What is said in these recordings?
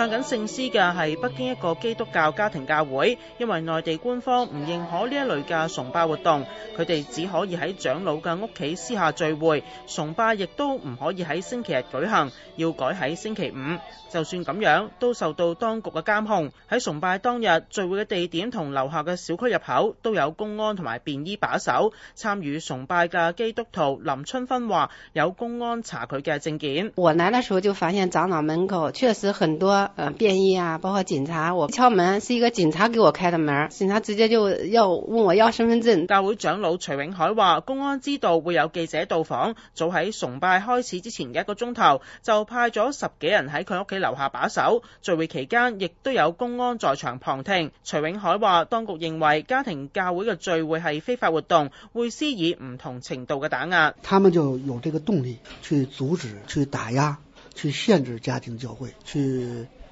唱緊聖詩嘅係北京一個基督教家庭教會，因為內地官方唔認可呢一類嘅崇拜活動，佢哋只可以喺長老嘅屋企私下聚會，崇拜亦都唔可以喺星期日舉行，要改喺星期五。就算咁樣，都受到當局嘅監控。喺崇拜當日，聚會嘅地點同樓下嘅小區入口都有公安同埋便衣把守。參與崇拜嘅基督徒林春芬話：有公安查佢嘅證件。我來嘅時候就發現長老門口確實很多。便衣啊，包括警察，我敲門是一個警察給我開的門，警察直接就要問我要身份證。教會長老徐永海話，公安知道會有記者到訪，早喺崇拜開始之前嘅一個鐘頭，就派咗十幾人喺佢屋企樓下把守。聚會期間，亦都有公安在場旁聽。徐永海話，當局認為家庭教會嘅聚會係非法活動，會施以唔同程度嘅打壓。他們就有這個動力去阻止、去打壓、去限制家庭教會去。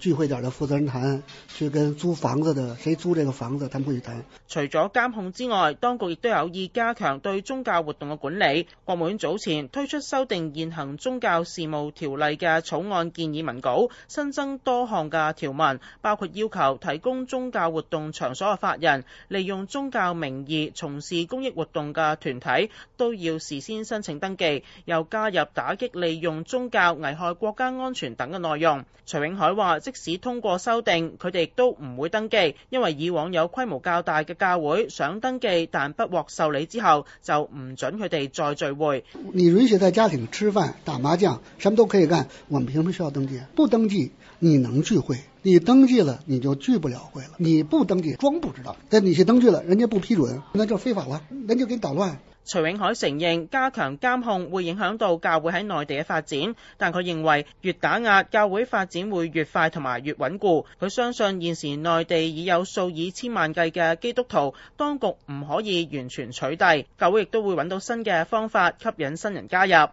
聚會點的負責人談，去跟租房子的，誰租這個房子，他們會去談。除咗監控之外，當局亦都有意加強對宗教活動嘅管理。國務院早前推出修訂現行宗教事務條例嘅草案建議文稿，新增多項嘅條文，包括要求提供宗教活動場所嘅法人，利用宗教名義從事公益活動嘅團體都要事先申請登記，又加入打擊利用宗教危害國家安全等嘅內容。徐永海話。即使通過修訂，佢哋亦都唔會登記，因為以往有規模較大嘅教會想登記但不獲受理之後，就唔准佢哋再聚會。你允許在家庭吃飯、打麻將，什麼都可以幹，我們憑什麼需要登記？不登記你能聚會，你登記了你就聚不了會了。你不登記裝不知道，但你去登記了，人家不批准，那就非法了，人就給你搗亂。徐永海承認加強監控會影響到教會喺內地嘅發展，但佢認為越打壓，教會發展會越快同埋越穩固。佢相信現時內地已有數以千萬計嘅基督徒，當局唔可以完全取締，教會亦都會揾到新嘅方法吸引新人加入。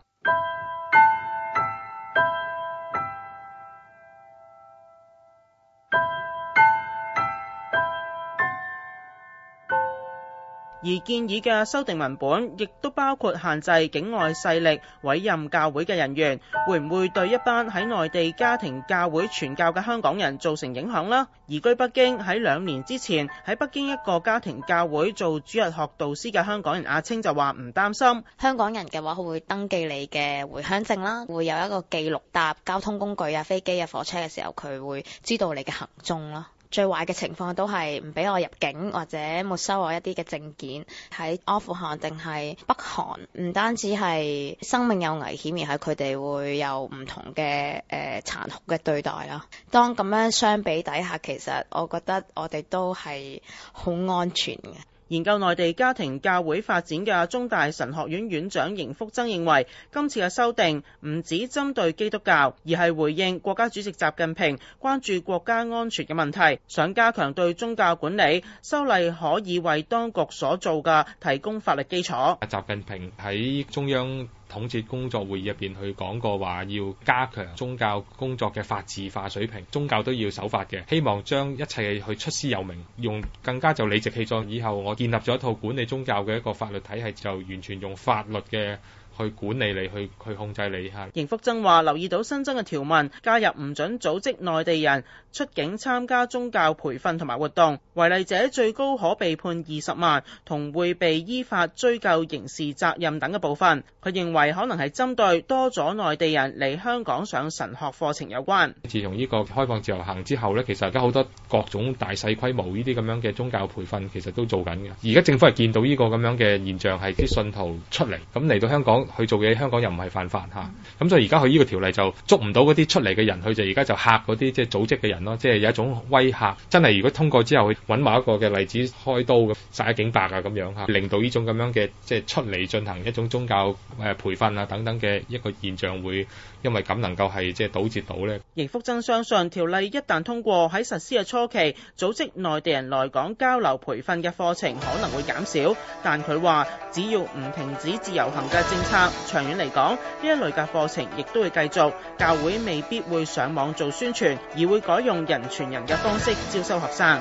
而建議嘅修訂文本亦都包括限制境外勢力委任教會嘅人員，會唔會對一班喺內地家庭教會傳教嘅香港人造成影響呢？移居北京喺兩年之前喺北京一個家庭教會做主日學導師嘅香港人阿青就話唔擔心。香港人嘅話，佢會登記你嘅回鄉證啦，會有一個記錄。搭交通工具啊、飛機啊、火車嘅時候，佢會知道你嘅行蹤啦。最壞嘅情況都係唔俾我入境，或者沒收我一啲嘅證件。喺阿富汗定係北韓，唔單止係生命有危險，而係佢哋會有唔同嘅誒殘酷嘅對待啦。當咁樣相比底下，其實我覺得我哋都係好安全嘅。研究內地家庭教會發展嘅中大神學院院長邢福增認為，今次嘅修訂唔只針對基督教，而係回應國家主席習近平關注國家安全嘅問題，想加強對宗教管理，修例可以為當局所做嘅提供法律基礎。習近平喺中央統治工作會議入邊去講過話，要加強宗教工作嘅法治化水平，宗教都要守法嘅。希望將一切去出師有名，用更加就理直氣壯。以後我建立咗一套管理宗教嘅一個法律體系，就完全用法律嘅。去管理你，去去控制你係。邢福增話，留意到新增嘅條文，加入唔准組織內地人出境參加宗教培訓同埋活動違例者最高可被判二十萬，同會被依法追究刑事責任等嘅部分。佢認為可能係針對多咗內地人嚟香港上神學課程有關。自從呢個開放自由行之後咧，其實而家好多各種大細規模呢啲咁樣嘅宗教培訓其實都在做緊嘅。而家政府係見到呢個咁樣嘅現象，係啲信徒出嚟咁嚟到香港。去做嘢，香港又唔係犯法吓。咁、嗯、所以而家佢呢個條例就捉唔到嗰啲出嚟嘅人，佢就而家就嚇嗰啲即係組織嘅人咯，即、就、係、是、有一種威嚇，真係如果通過之後去揾某一個嘅例子開刀嘅，殺一儆百啊咁樣吓，令到呢種咁樣嘅即係出嚟進行一種宗教誒培訓啊等等嘅一個現象，會因為咁能夠係即係阻截到咧。譚、就是、福增相信條例一旦通過喺實施嘅初期，組織內地人來港交流培訓嘅課程可能會減少，但佢話只要唔停止自由行嘅政策長遠嚟講，呢一類嘅課程亦都會繼續。教會未必會上網做宣傳，而會改用人傳人嘅方式招收學生。